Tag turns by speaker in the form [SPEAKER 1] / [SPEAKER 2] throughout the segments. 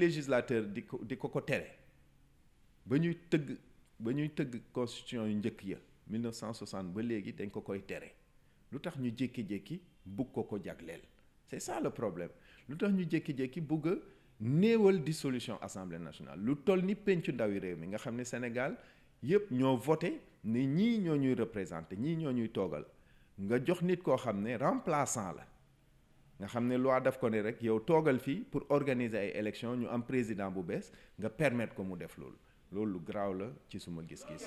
[SPEAKER 1] législateur di ko di ko ko tere ba ñuy tëgg ba ñuy tëgg constitution yu njëkk ya 1960 ba léegi dañ ko koy tere lu tax ñu jékki-jékki bugg ko ko jagleel c'est ça le problème lu tax ñu jékki-jékki bugg néewal di solution assemblée nationale lu toll ni pencu ndawi réew mi nga xam ne Sénégal yëpp ñoo voté ni ñii ñoo ñuy représenté ñii ñoo ñuy toogal nga jox nit koo xam ne remplaçant la nga xam ne loi daf ko ne rek yow toogal fii pour organiser ay élections ñu am président bu bees nga permettre ko mu def loolu loolu lu garaaw la ci suma gis-gis.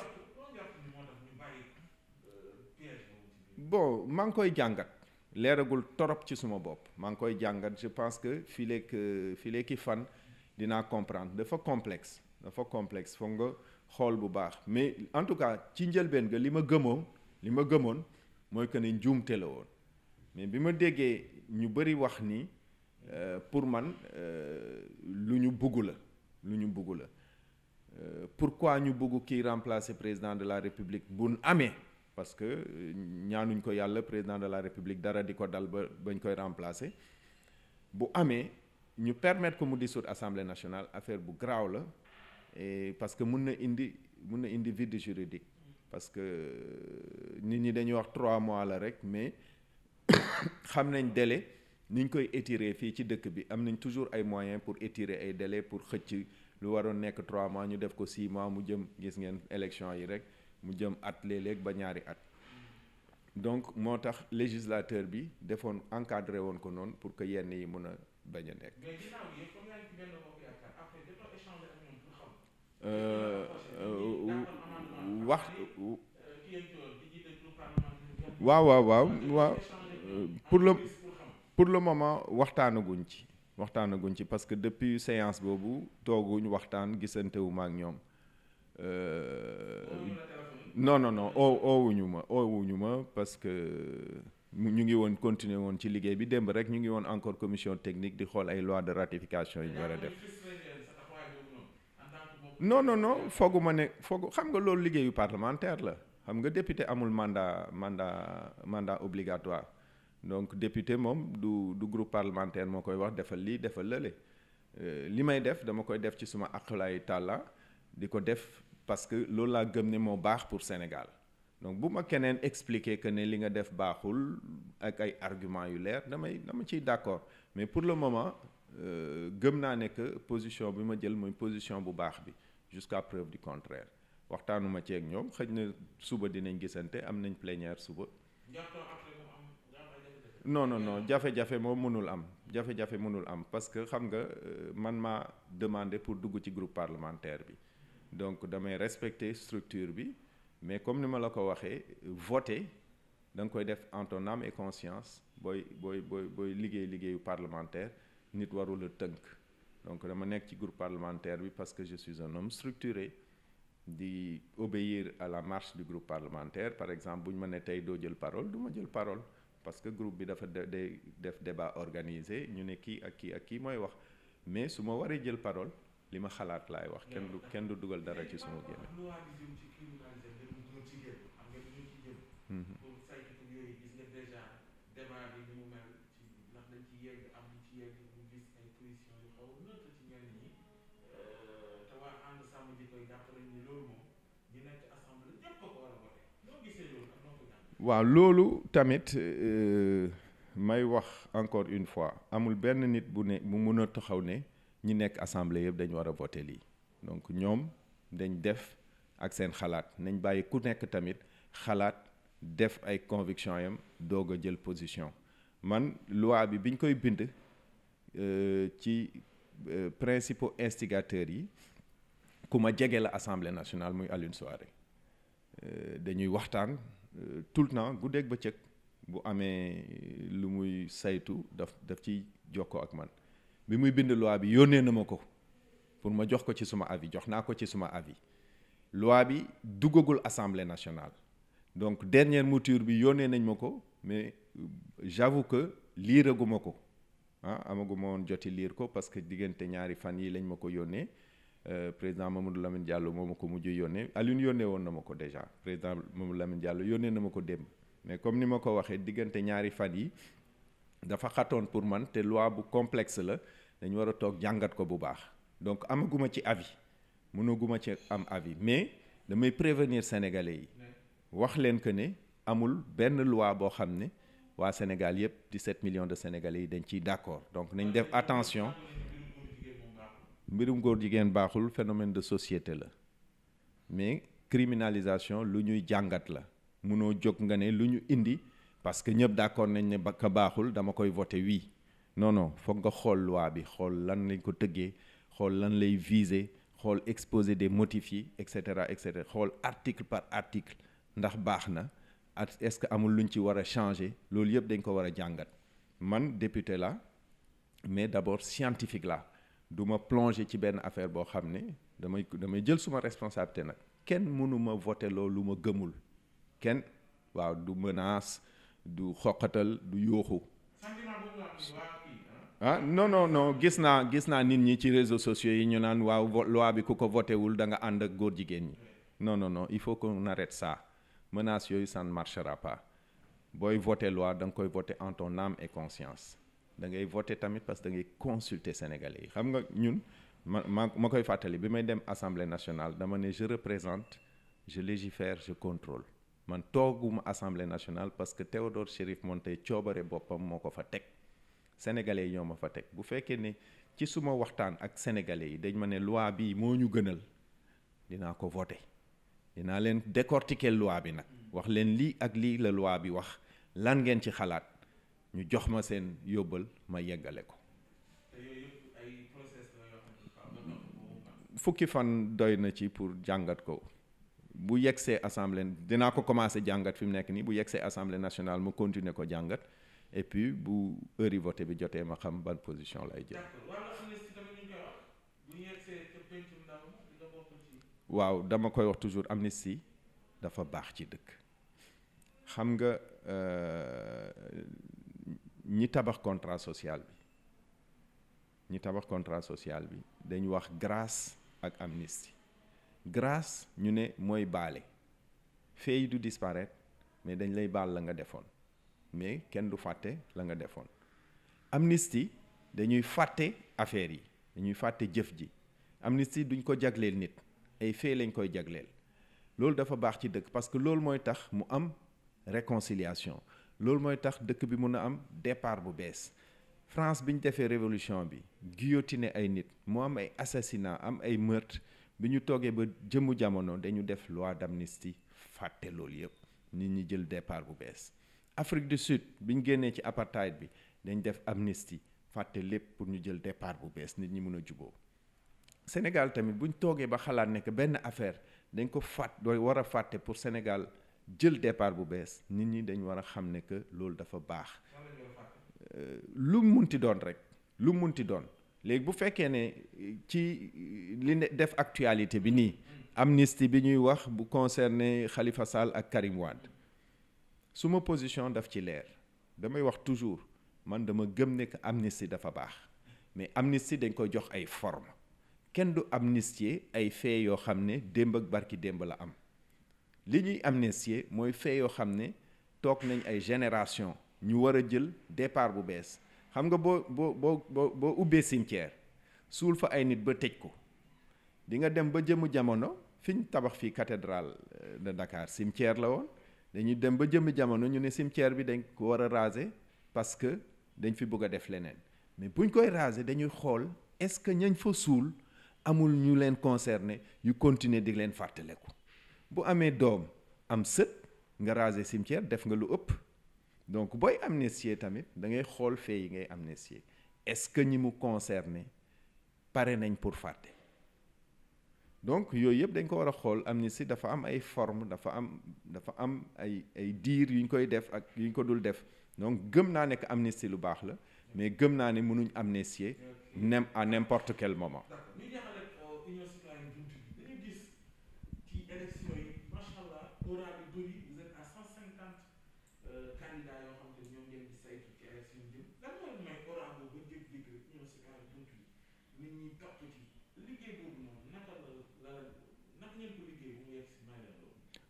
[SPEAKER 1] bon maa ngi koy jàngat leeragul torop ci suma bopp maa ngi koy jàngat je pense que fii leeg fii leeg ki fan dinaa comprendre dafa complexe dafa complexe foog nga xool bu baax mais en tout cas ci njëlbeen ga li ma gëmoon li ma gëmoon mooy que ne njuumte la woon mais bi ma déggee. ñu bëri wax ni euh, pour man euh, lu ñu bugg la lu ñu bugg la euh, pourquoi ñu bugg kii remplacer président de la république bu amee parce que ñaanuñ ko yàlla président de la république dara di ko dal ba bañ koy remplacer bu amee ñu permettre ko mu dissoudre assemblée nationale affaire bu graaw la parce que mun na indi mun na indi vide juridique parce que nit ñi dañuy wax trois mois la rek mais. xam nañ délai nuñ koy étirer fii ci dëkk bi am nañ toujours ay moyens pour étirer ay délais pour xëcc lu waroon nekk trois mois ñu def ko six mois mu jëm gis ngeen élection yi rek mu jëm at lée léeg ba ñaari at donc moo tax législateur bi defoon encadré woon ko noonu pour que yenn yi mun a bañ a nekk. Euh, euh, euh, wax waaw waaw waaw. pour le pour le moment waxtaanaguñ ci waxtaanaguñ ci parce que depuis séance boobu tooguñ waxtaan gisantewuma ak ñoom. Euh, non non non oo oowuñu ma oowuñu ma parce que ñu ngi woon continuer woon ci liggéey bi démb rek ñu ngi woon encore commission technique di xool ay loi de ratification yi war a def. non no non fooguma ne foog xam nga loolu liggéeyu parlementaire la xam nga député amul mandat mandat mandat obligatoire. donc député moom du du groupe parlementaire moo koy wax defal lii defal lële euh, li may def dama koy def ci suma aqlaay tàlla di ko def parce que loolu laa gëm ni moo baax pour Sénégal donc bu ma keneen expliquer que ne li nga def baaxul ak ay argument yu leer damay dama ciy d'accord mais pour le moment euh, gëm naa ne que position bi ma jël mooy position bu baax bi jusqu'à preuve du contraire waxtaanuma ci ñoom xëj na suba dinañ gisante am nañ plénière suba non non non jafe-jafe moom mënul am jafe-jafe mënul am parce que xam nga euh, man maa demandé pour dugg ci groupe parlementaire bi donc damay respecter structure bi mais comme ni ma la ko waxee voter da nga koy def en ton et conscience booy booy booy booy liggéey liggéeyu parlementaire nit warul a tënk donc dama nekk ci groupe parlementaire bi parce que je suis un homme di obéir à la marche du groupe parlementaire par exemple bu ñu ma ne tey doo jël parole du ma jël parole parce que groupe bi dafa day def débat organisé ñu ne kii ak kii ak kii mooy wax mais su ma waree jël parole li ma xalaat laay wax kenn du kenn du dugal dara ci suma génne waaw loolu tamit euh, may wax encore une fois amul benn nit bu ne bu mun a taxaw ne ñi nekk assemblée yëpp dañu war a voter lii donc ñoom dañ def ak seen xalaat nañ bàyyi ku nekk tamit xalaat def ay conviction yam doog a jël position man loi bi biñ koy bind euh, ci euh, principaux instigateurs yi ku ma jege la assemblée nationale muy Alioune Souaré dañuy waxtaan Euh, tout le temps guddeeg bëccëg bu amee lu muy saytu daf daf jox ko ak man bi muy bind loi bi yónnee na ma ko pour ma jox ko ci suma avis jox naa ko ci suma avis loi bi duggagul assemblée nationale donc dernière mouture bi yónnee nañ ma ko mais euh, j'avoue que liiraguma ko ah amaguma woon joti liir ko parce que diggante ñaari fan yi lañ ma ko yónnee Euh, président Mamadou Lamine Diallo moo ma ko mujj yónnee Alioune yónnee woon na ma ko déjà président Mamadou Lamine Diallo yónnee na ma ko démb mais comme ni ma ko waxee diggante ñaari fan yi dafa xatoon pour man te loi bu complexe la dañ war a toog jàngat ko bu baax donc amaguma ci avis mënaguma ci am avis mais damay prévenir sénégalais yi wax leen que ne amul benn loi boo xam ne waa Sénégal yëpp 17 million de sénégalais yi dañ ciy d'accord donc nañ def attention. mbirum góor jigéen baaxul phénomène de société la mais criminalisation lu ñuy jàngat la munoo jóg nga ne lu ñu indi parce que ñëpp d'accord nañ ne ka baaxul dama koy voté wii non non foog nga xool loi bi xool lan lañ ko tëggee xool lan lay viser xool exposé des motifs yi et cetera et cetera xool article par article ndax baax na at est-ce que amul luñ ci war a changer loolu yëpp dañ ko war a jàngat man député la mais d'abord scientifique la du ma plonger ci benn affaire boo xam ne damay damay jël suma responsabilité nag kenn mënuma voté loolu lu ma gëmul kenn waaw du mënaas du xoqatal du yuuxu
[SPEAKER 2] ah.
[SPEAKER 1] ah non non non gis naa gis naa nit ñi ci réseau sociaux yi ñu naan waaw loi bi ku ko voté wul da nga ànd ak góor jigéen ñi non non il faut qu'on arrête ça menace yooyu ça ne marchera pas booy voté loi da nga koy voté enton ton âme et conscience da ngay voter tamit parce que da ngay consulter sénégalais yi xam nga ñun ma ma ma koy fàttali bi may dem assemblée nationale dama ne je représente je légifère je contrôle man tooguma assemblée nationale parce que Théodore Chérif Monteil coobare boppam moo ko fa teg sénégalais yi ñoo ma fa teg bu fekkee ni ci suma waxtaan ak sénégalais yi dañ ma ne loi bi moo ñu gënal dinaa ko voter dinaa leen décortiquer loi bi nag wax leen lii ak lii la loi bi wax lan ngeen ci xalaat. ñu jox ma seen yóbbal ma yeggale ko fukki fan doy na ci pour jàngat ko bu yeggsee assemblée dinaa ko commencé jàngat fi mu nekk nii bu yeggsee assemblée nationale ma continuer ko jàngat et puis bu heure vote bi jotee ma xam ban position lay jël. waaw dama koy wax toujours amnistie dafa baax ci dëkk xam nga. Euh, ñi tabax contrat sociale bi ñi tabax contrat social bi dañu wax grâce ak amnistie grâce ñu ne mooy baale fee yi du disparaître mais dañ lay baal la nga defoon mais kenn du fàtte la nga defoon amnistie dañuy fàtte affaire yi dañuy fàtte jëf ji amnistie duñ ko jagleel nit ay fee lañ koy jagleel loolu dafa baax ci dëkk parce que loolu mooy tax mu am réconciliation loolu mooy tax dëkk bi mun a am départ bu bees France bi ñu defee révolution bi guillotine ay nit mu am ay assassinat am ay meurtre bi ñu toogee ba jëmmu jamono dañu def loi d'amnistie fàtte loolu yëpp nit ñi jël départ bu bees Afrique du Sud bi ñu génnee ci apartheid bi dañ def amnistie fàtte lépp pour ñu jël départ bu bees nit ñi mun a juboo Sénégal tamit bu ñu toogee ba xalaat nekk benn affaire dañ ko fàtt dooy war a fàtte pour Sénégal jël départ bu bees nit ñi dañ war a xam ne que loolu dafa baax euh, lu munti doon rek lu munti doon léegi bu fekkee ne ci li def actualité bi nii amnistie bi ñuy wax bu concerné xalifa Sall ak Karim suma position daf ci leer damay wax toujours man dama gëm ne que amnistie dafa baax mais amnistie dañ koy jox ay forme kenn du amnistier ay fait yoo xam ne démb ak barki démb la am li ñuy amnistier mooy fee yoo xam ne toog nañ ay génération ñu war a jël départ bu bees xam nga boo boo boo boo boo ubbee cimetière suul fa ay nit ba tëj ko di nga dem ba jëm jamono fi ñu tabax fii cathédrale euh, de Dakar cimetière la woon dañuy dem ba jëmmi jamono ñu ne cimetière bi dañ ko war a raser parce que dañ fi bëgg a def leneen mais buñ koy raser dañuy xool est-ce que ñañ fa suul amul ñu leen concerné yu continuer di leen fàttaleku bu amee doom am sët nga raser cimetière def nga lu ëpp donc booy amnistier tamit da ngay xool fee yi ngay amnistier est-ce que ñi mu concerné pare nañ pour fàtte donc yooyu yëpp dañ ko war a xool amnistie dafa am ay forme dafa am dafa am ay ay diir yu ñu koy def ak yu ñu ko dul def donc gëm naa ne que amnistie lu baax la mais gëm naa ne mënuñ amnistier nem à n'importe quel moment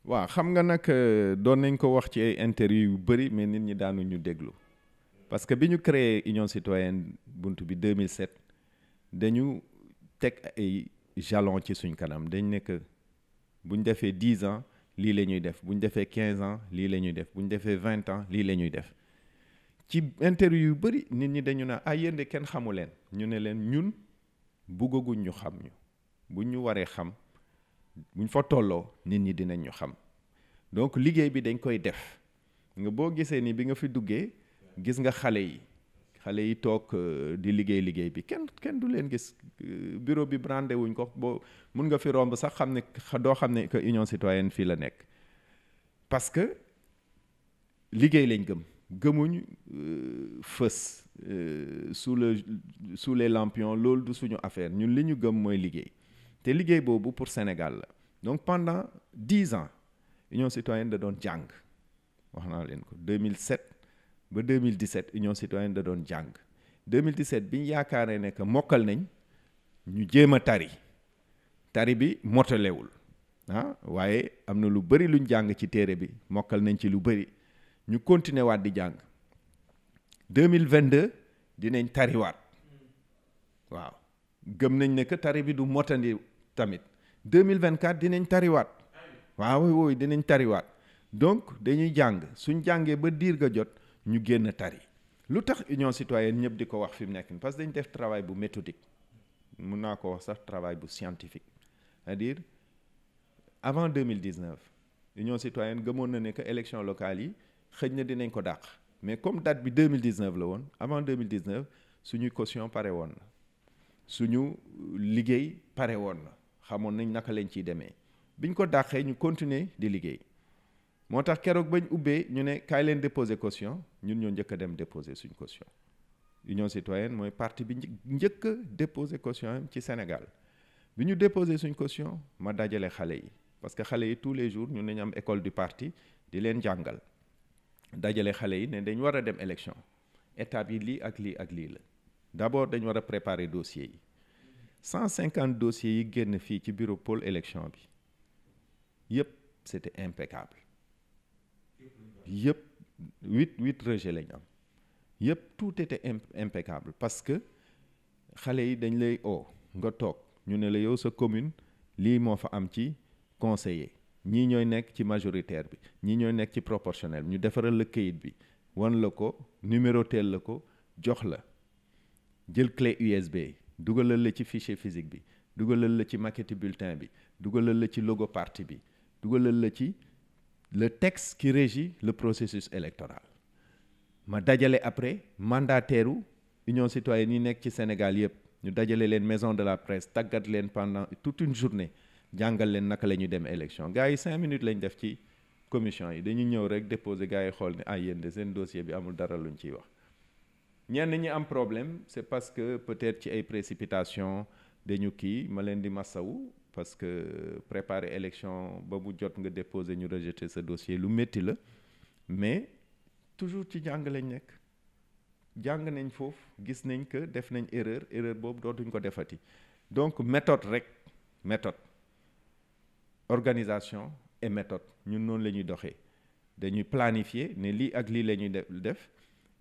[SPEAKER 1] waaw xam nga nag euh, doon nañ ko wax ci ay interview yu bëri mais nit ñi daanu ñu déglu parce que bi ñu créé union citoyenne bunt bi 2007 dañu teg ay jalon ci suñ kanam dañ nekk bu defee 10 ans lii la ñuy def bu ñu defee quinze ans lii la ñuy def bu defee 20 ans lii la ñuy def ci interview yu bëri nit ñi dañu naan ah yéen kenn xamu leen ñu ne leen ñun buggaguñ ñu xam ñu buñ ñu waree xam. buñ fa tolloo nit ñi dinañ ñu xam donc liggéey bi dañ koy def nga boo gisee nii bi nga fi duggee gis nga xale yi xale yi toog euh, di liggéey liggéey bi kenn kenn du leen gis euh, bureau bi brandé wuñ ko boo mun nga fi romb sax xam ne doo xam ne que union citoyenne fii la nekk parce que liggéey lañ gëm gëmuñ euh, fës sous le su les lampions loolu du suñu affaire ñun li ñu gëm mooy liggéey te liggéey boobu pour Sénégal la donc pendant dix ans Union citoyenne da doon jàng wax naa leen ko 2007 ba 2017 Union citoyenne da doon jàng 2017 bi ñu yaakaaree ne que mokkal nañ ñu jéem a tari tari bi motalewul ah waaye am na lu bëri luñ jàng ci téere bi mokkal nañ ci lu bëri ñu continuer waat di jàng 2022 dinañ tariwaat waaw gëm nañ ne tari bi du motandi tamit 2024 dinañ tariwaat waaw wooy dinañ tariwaat donc dañuy jàng suñ jàngee ba diir ga jot ñu génn tari lu tax union citoyenne ñëpp di ko wax fi mu nekk parce que dañ def travail bu méthodique mun naa ko wax sax travail bu scientifique c'est-à-dire avant 2019 union citoyenne gëmoon na ne que élection locale yi xëj na dinañ ko dàq mais comme date bi 2019 la woon avant 2019 suñu caution pare woon na suñu liggéey pare woon na xamoon nañ naka lañ ciy demee biñ ko dàqee ñu continuer di liggéey moo tax keroog ba ñu ubbee ñu ne kaay leen déposer caution ñun ñoo njëkk a dem déposer suñ caution Union Citoyenne mooy parti bi njëkk a déposer caution am ci Sénégal bi ñu déposer suñ caution ma dajale xale yi parce que xale yi tous les jours ñun nañu am école du parti di leen jàngal dajale xale yi ne dañ war a dem élection étape yi lii ak lii ak lii la d'abord dañ war a préparer dossier cent cinquante dossiers yi génn fii ci bureau pôle élection bi yëpp c'était impeccable yëpp huit huit rejet lañ am yëpp tout était impeccable parce que xale yi dañ lay oo nga toog ñu ne la yow sa commune lii moo fa am ci conseiller ñii ñooy nekk ci majoritaire bi ñii ñooy nekk ci proportionnel ñu defaral la kayit bi wan la ko tell la ko jox la jël clé USB dugalal la ci fichier physique bi dugalal la ci maquette bulletin bi dugalal la ci logo parti bi dugalal la ci le texte qui régit le processus électoral ma dajale après mandataire u Union citoyenne yi nekk ci Sénégal yëpp ñu dajale leen maison de la presse tàggat leen pendant tout une journée jàngal leen naka la ñuy dem élection gars yi cinq minutes lañ def ci commission yi dañu ñëw rek déposé gars yi xool ne ah yéen de seen dossier bi amul dara luñ ciy wax ñenn ñi am problème c'est parce que peut-être ci ay présipitation dañu kii ma leen di masawu parce que préparer élection ba mu jot nga déposer ñu rejeter sa dossier lu métti la mais toujours ci jàng lañ nekk jàng nañ foofu gis nañ que def nañ erreur erreur boobu dootuñ ko defati donc méthode rek méthode organisation et méthode ñun noonu la ñuy doxee dañuy planifier ne lii ak lii la ñuy def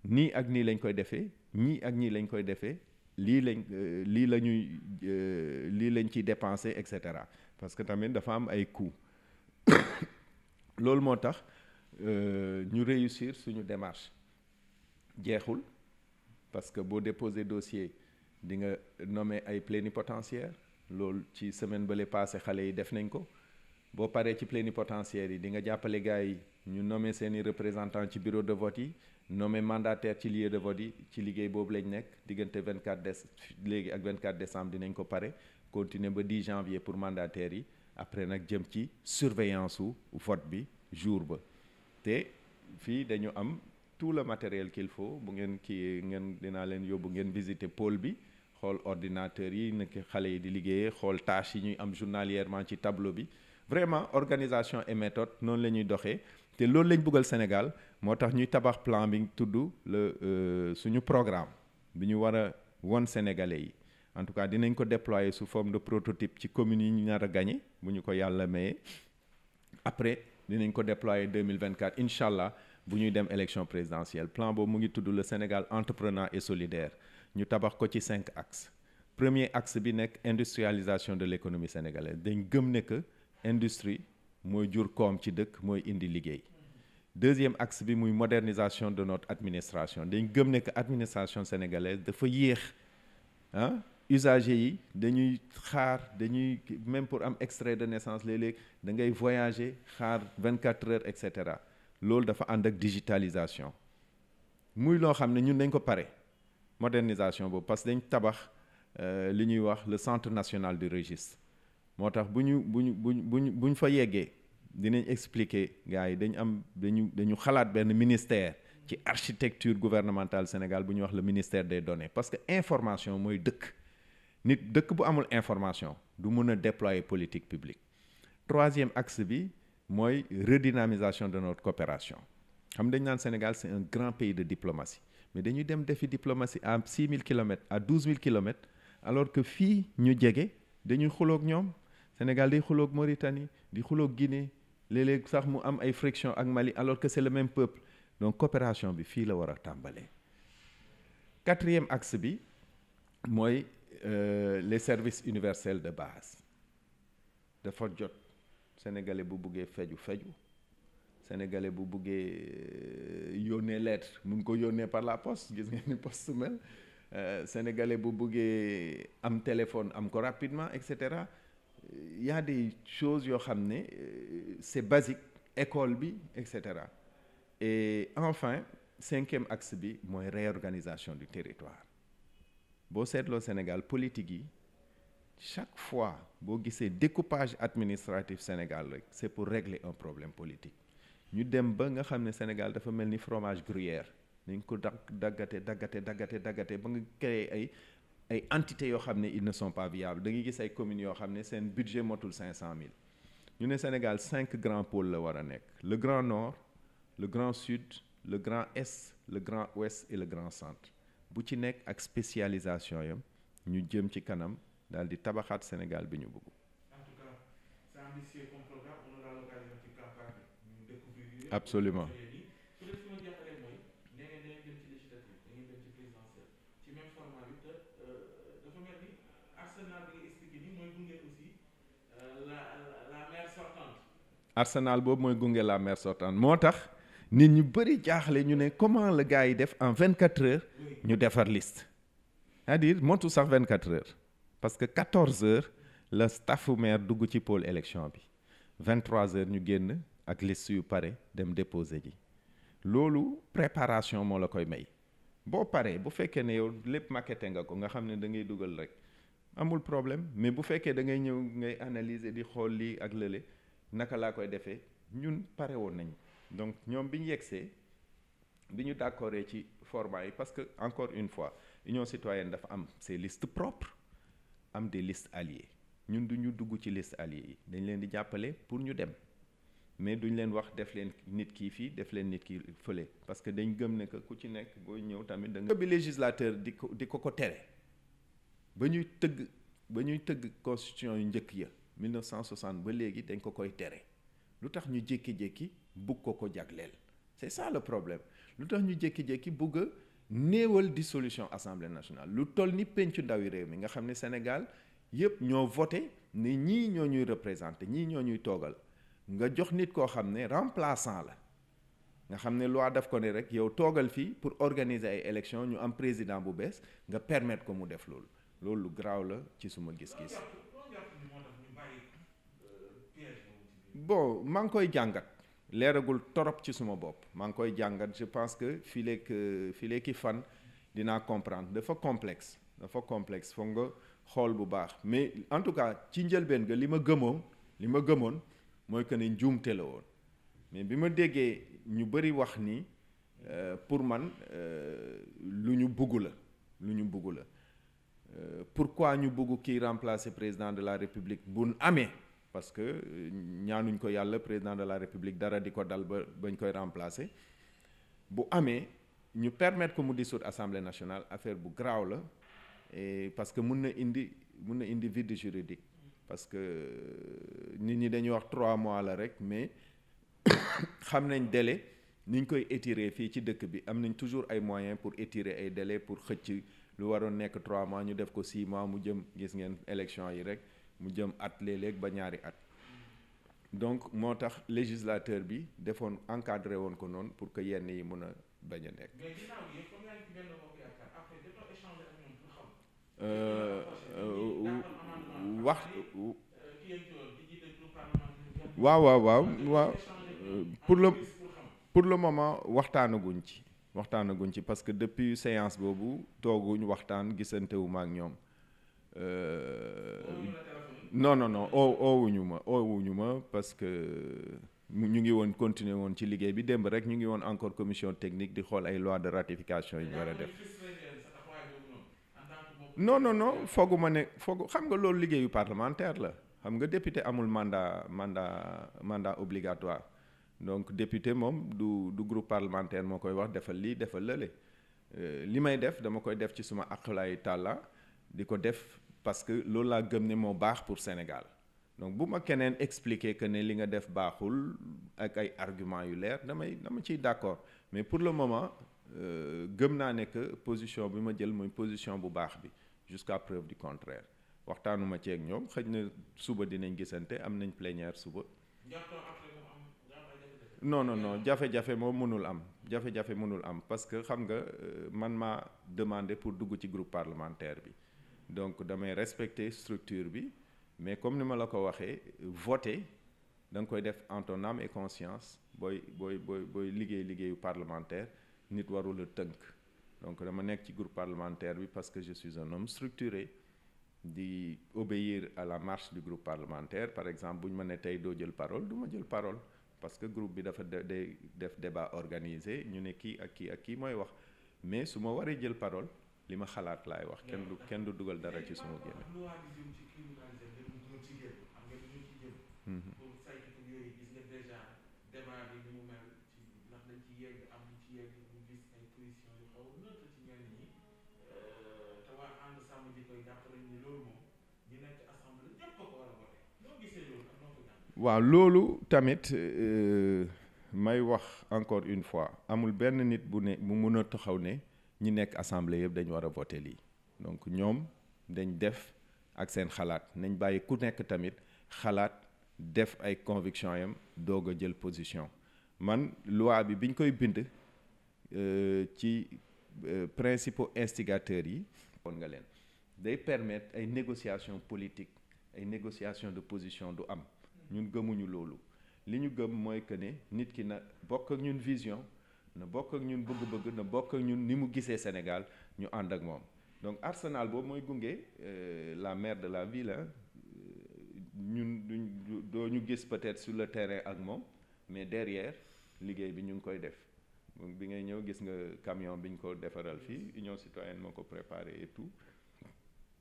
[SPEAKER 1] nii ak nii lañ koy defee nii ak nii lañ koy defee lii lañ euh, lii la ñuy euh, lii lañ ci dépenser et cetera parce que tamit dafa am ay coûts loolu moo tax euh, ñu réussir suñu démarche jeexul parce que boo déposer dossier di nga nommer ay plénipotentiaires loolu ci semaine bële passé xale yi def nañ ko boo paree ci plénipotentiaires yi di nga jàppale gars yi ñu nommer seeni représentant ci bureau de vote yi nommé mandataire ci lieu de vote ci liggéey boobu lañ nekk diggante 24 des léegi ak 24 décembre dinañ ko pare continuer ba 10 janvier pour mandataires yi après nag jëm ci surveillance su vote bi jour ba te fii dañu am tout le matériel qu'il faut bu ngeen kii ngeen dinaa leen yóbbu ngeen visiter pôle bi xool ordinateur yi nak xale yi di liggéeyee xool tâches yi ñuy am journalièrement ci tableau bi vraiment organisation et méthode noonu la ñuy doxee te loolu lañ bëggal Sénégal moo tax ñuy tabax plan bi tudd le euh, suñu programme bi ñu war a won sénégalais yi en tout cas dinañ ko déployer sous forme de prototype ci communes yi ñu nar a gagné bu ñu ko yàlla mayee après dinañ ko déployer 2024 incha allah bu ñuy dem élection présidentielle plan boobu mu ngi tudd le Sénégal entreprenant et solidaire ñu tabax ko ci cinq axes premier axe bi nekk industrialisation de l' économie sénégalaise dañ gëm ne que industrie mooy jur koom ci dëkk mooy indi liggéey deuxième axe bi muy modernisation de notre administration dañ gëm ne que administration sénégalaise dafa yéex ah usagers yi dañuy xaar dañuy même pour am extrait de naissance léeg-léeg da ngay voyager xaar vingt quatre heures et cetera loolu dafa ànd ak digitalisation muy loo xam ne ñun dañ ko pare modernisation boobu parce que dañ tabax euh, li ñuy wax le centre national du registre moo tax bu ñu bu ñu bu ñu bu ñu fa yeggee dinañ expliquer gars yi dañu am dañu dañu xalaat benn ministère ci architecture gouvernementale Sénégal bu ñu wax le ministère des données parce que information mooy dëkk nit dëkk bu amul information du mën a déployer politique publique troisième axe bi mooy redynamisation de notre coopération xam dañ naan Sénégal c'est un grand pays de diplomatie mais dañuy dem defi diplomatie à six mille kilomètres à douze mille kilomètres alors que fii ñu jege dañuy xuloog ñoom Sénégal day xuloog Mauritanie di xuloo Guinée léeg sax mu am ay friction ak Mali alors que c'est le même peuple donc coopération bi fii la war a tàmbalee quatrième axe bi mooy euh, les services universels de base dafa jot sénégalais bu buggee feju feju sénégalais bu buggee euh, yónnee lettre mu ngi ko yónnee par la poste gis ngeen ni poste mel euh, sénégalais bu buggee am téléphone am ko rapidement et cetera y a des choses yoo xam ne euh, c'est basic école bi et cetera et enfin cinquième axe bi mooy réorganisation du territoire boo seetloo Sénégal politique yi chaque fois boo gisee découpage administratif Sénégal rek c'est pour régler un problème politique ñu dem ba nga xam ne Sénégal dafa mel ni fromage gruyère nañ ko dag daggate daggate daggate daggate ba nga créer ay ay entités yoo xam ne ils ne son pas viables da gis ay commune yoo xam ne seen budget motul cinq cent mille ñu ne Sénégal cinq grands pôles la war a nekk le grand nord le grand sud le grand est le grand ouest et le grand centre bu ci nekk ak spécialisation yam ñu jëm ci kanam daal di tabaxaat Sénégal bi ñu bëgg. en arsenal bi euh, boobu mooy gunge la mer sortante moo tax nit ñu bëri jaaxle ñu ne comment le gars yi def en vingt quatre heures ñu defar list c'est-à-dire motu sax vingt quatre heures parce que quatorze heures la staffu maire dugg ci pôle élection bi vingt trois heures ñu génn ak liste yu pare dem déposer ji loolu préparation moo la koy may boo paree bu fekkee ne yow lépp maquette nga ko nga xam ne da ngay dugal rek amul problème mais bu fekkee da ngay ñëw ngay analyser di xool lii ak lële naka laa koy defee ñun pare woon nañu donc ñoom bi ñu yegsee bi ñu d'accordee ci format yi parce que encore une fois union citoyenne dafa am ses listes propres am des listes alliées ñun du ñu dugg ci liste alliées yi dañ leen di jàppale pour ñu dem mais duñu leen wax def leen nit kii fii def leen nit kii fële parce que dañ gëm ne que ku ci nekk booy ñëw tamit da nga bi législateur di ko di ko ko tere ba ñuy tëgg ba ñuy tëgg constitution yu njëkk ya 1960 ba léegi dañ ko koy tere lu tax ñu jékki-jékki bugg ko ko jagleel c'est ça le problème lu tax ñu jékki-jékki bugg néewal di solution assemblée nationale lu toll ni pencu ndawi réew mi nga xam ne Sénégal yépp ñoo voté ne ñii ñoo ñuy représenté ñii ñoo ñuy toogal nga jox nit koo xam ne remplaçant la nga xam ne loi daf ko ne rek yow toogal fii pour organiser ay élections ñu am président bu bees nga permettre ko mu def loolu loolu lu garaaw la ci suma gis-gis bon maa ngi koy jàngat leeragul torop ci suma bopp maa ngi koy jàngat je pense que fii leeg fii leeg ki fan dinaa comprendre dafa complexe dafa complexe foog nga xool bu baax mais en tout cas ci njëlbeen ga li ma gëmoon li ma gëmoon mooy que ne njuumte la woon mais bi ma déggee ñu bëri wax ni euh, pour man euh, lu ñu bugg la lu ñu bugg la Euh, pourquoi ñu bëgg kii remplacer président de la république bu amee parce que euh, ñaanuñ ko yàlla président de la république dara di ko dal ba bañ koy remplacer bu amee ñu permettre ko mu dissoudre assemblée nationale affaire bu graaw la et parce que mun na indi mun na indi vide juridique parce que euh, nit ñi dañuy wax trois mois la rek mais xam nañ délai ni ñu koy étirer fii ci dëkk bi am nañ toujours ay moyens pour étirer ay délais pour xëcc. lu waroon nekk 3 mois ñu def ko 6 mois mu jëm gis ngeen élection yi rek mu jëm at lée léeg ba ñaari at donc moo tax législateur bi defoon encadré woon ko noonu pour que yenn yi mën a bañ a nekk. Euh, euh, wax euh, waaw waaw waaw le pour le moment waxtaanaguñ ci. waxtaan waxtaanaguñ ci parce que depuis séance boobu tooguñ waxtaan gisantewu ma ak ñoom. Euh, non non non oo oowuñu ma oowuñu ma parce que ñu ngi woon continuer woon ci liggéey bi démb rek ñu ngi woon encore commission technique di xool ay loi de ratification yi ñu war a def. non non no foogu ma ne foogu xam nga loolu liggéeyu parlementaire la xam nga député amul mandat mandat mandat obligatoire. donc député moom du du groupe parlementaire moo koy wax defal lii defal lële euh, li may def dama koy def ci suma aqlaay tàlla di ko def parce que loolu laa gëm ni moo baax pour Sénégal donc bu ma keneen expliquer que ne li nga def baaxul ak ay argument yu leer damay dama ciy d'accord mais pour le moment euh, gëm naa ne que position bi ma jël mooy position bu baax bi jusqu'à preuve du contraire waxtaanuma ceeg ñoom xëj na suba dinañ gisante am nañ plénière suba non non non jafe-jafe moom mënul am jafe-jafe mënul am parce que xam nga euh, man maa demandé pour dugg ci groupe parlementaire bi donc damay respecter structure bi mais comme ni ma la ko waxee voter da koy def en ton et conscience booy booy booy booy liggéey liggéeyu parlementaire nit warul a tënk donc dama nekk ci groupe parlementaire bi parce que je suis un homme di obéir à la marche du groupe parlementaire par exemple bu ñu ma ne tey doo jël parole du ma jël parole parce que groupe bi dafa day def débat organisé ñu ne kii ak kii ak kii mooy wax mais su ma waree jël parole li ma xalaat laay wax kenn du kenn du dugal dara ci suma
[SPEAKER 2] génne
[SPEAKER 1] waaw loolu tamit euh, may wax encore une fois amul benn nit bu ne bu mun a taxaw ne ñi nekk assemblée yëpp dañu war a voté lii donc ñoom dañ def ak seen xalaat nañ bàyyi ku nekk tamit xalaat def ay conviction yam doog a jël position man loi bi biñ koy bind euh, ci euh, principaux instigateurs yi kon nga leen day permettre ay négociation politique ay négociation de position du am ñun gëmuñu loolu li ñu gëm mooy que ne nit ki na bokk ak ñun vision na bokk ak ñun bëgg-bëgg na bokk ak ñun ni mu gisee Sénégal ñu ànd ak moom donc Arsenal boobu mooy gunge euh, la mère de la ville ñun duñ doo ñu gis peut-être sur le terrain ak moom mais derrière liggéey bi ñu ngi koy def bi ngay ñëw gis nga camion bi ñu ko defaral fii Union Citoyenne moo ko préparé et tout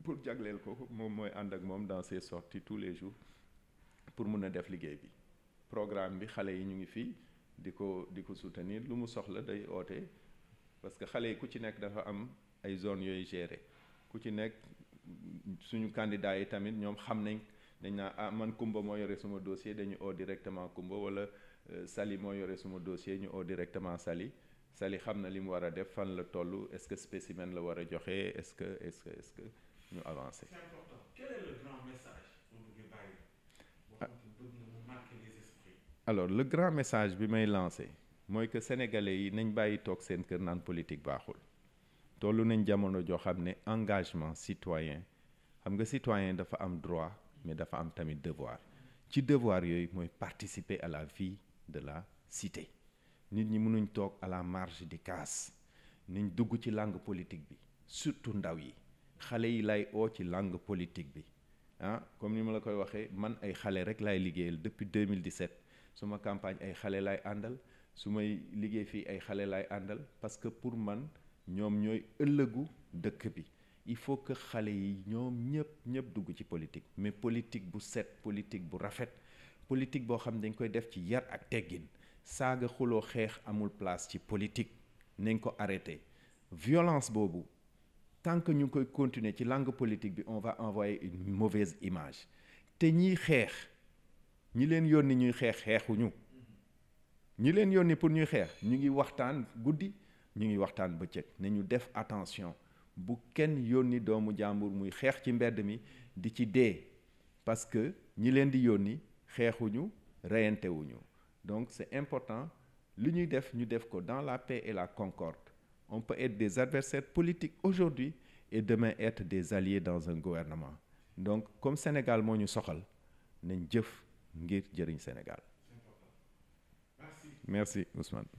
[SPEAKER 1] pour jagleel ko moom mooy ànd ak moom dans ses sorties tous les jours pour mun a def liggéey bi programme bi xale yi ñu ngi fii di ko di ko soutenir lu mu soxla day oote parce que xale yi ku ci nekk dafa am ay zones yooyu gérer ku ci nekk suñu candidats yi tamit ñoom xam nañ dañ naa ah man Kumba moo yore suma dossier dañu o directement Kumba wala euh, Sali moo yore suma dossier ñu o directement Sali Sali xam na li mu war a def fan la tollu est-ce que la war a joxe est-ce que est que ce que ñu avancé. alors le grand message bi may lancé mooy que sénégalais yi nañ bàyyi toog seen kër naan politique baaxul tollu nañ jamono joo xam ne engagement citoyen xam nga citoyen dafa am droit mais dafa am tamit devoir ci devoir yooyu mooy participer à la vie de la cité nit ñi mënuñ toog à la marge di kaas niñ dugg ci langue politique bi surtout ndaw yi xale yi lay oo ci langue politique bi ah comme ni ma la koy waxee man ay xale rek laay liggéeyal depuis 2017 suma campagne ay xale laay àndal su may liggéey fii ay xale laay àndal parce que pour man ñoom ñooy ëllëgu dëkk bi il faut que xale yi ñoom ñëpp ñëpp dugg ci politique mais politique bu set politique bu rafet politique boo xam ne dañ koy def ci yar ak teggin saaga xuloo xeex amul place ci politique nañ ko arrêté violence boobu tant que ñu ngi koy continuer ci langue politique bi on va envoyer une mauvaise image te ñiy xeex ñi leen yónni ñuy xeex xeexuñu ñi leen yónni pour ñuy xeex ñu ngi waxtaan guddi ñu ngi waxtaan bëccëg ne ñu def attention bu kenn yónni doomu jàmbur muy xeex ci mbedd mi di ci dee parce que ñi leen di yónni xeexuñu reyantewuñu donc c'est important li ñuy def ñu def ko dans la paix et la concorde on peut être des adversaires politiques aujourd'hui et demain être des alliés dans un gouvernement donc comme Sénégal moo ñu soxal nañ jëf ngir jëriñ Sénégal. Merci Ousmane.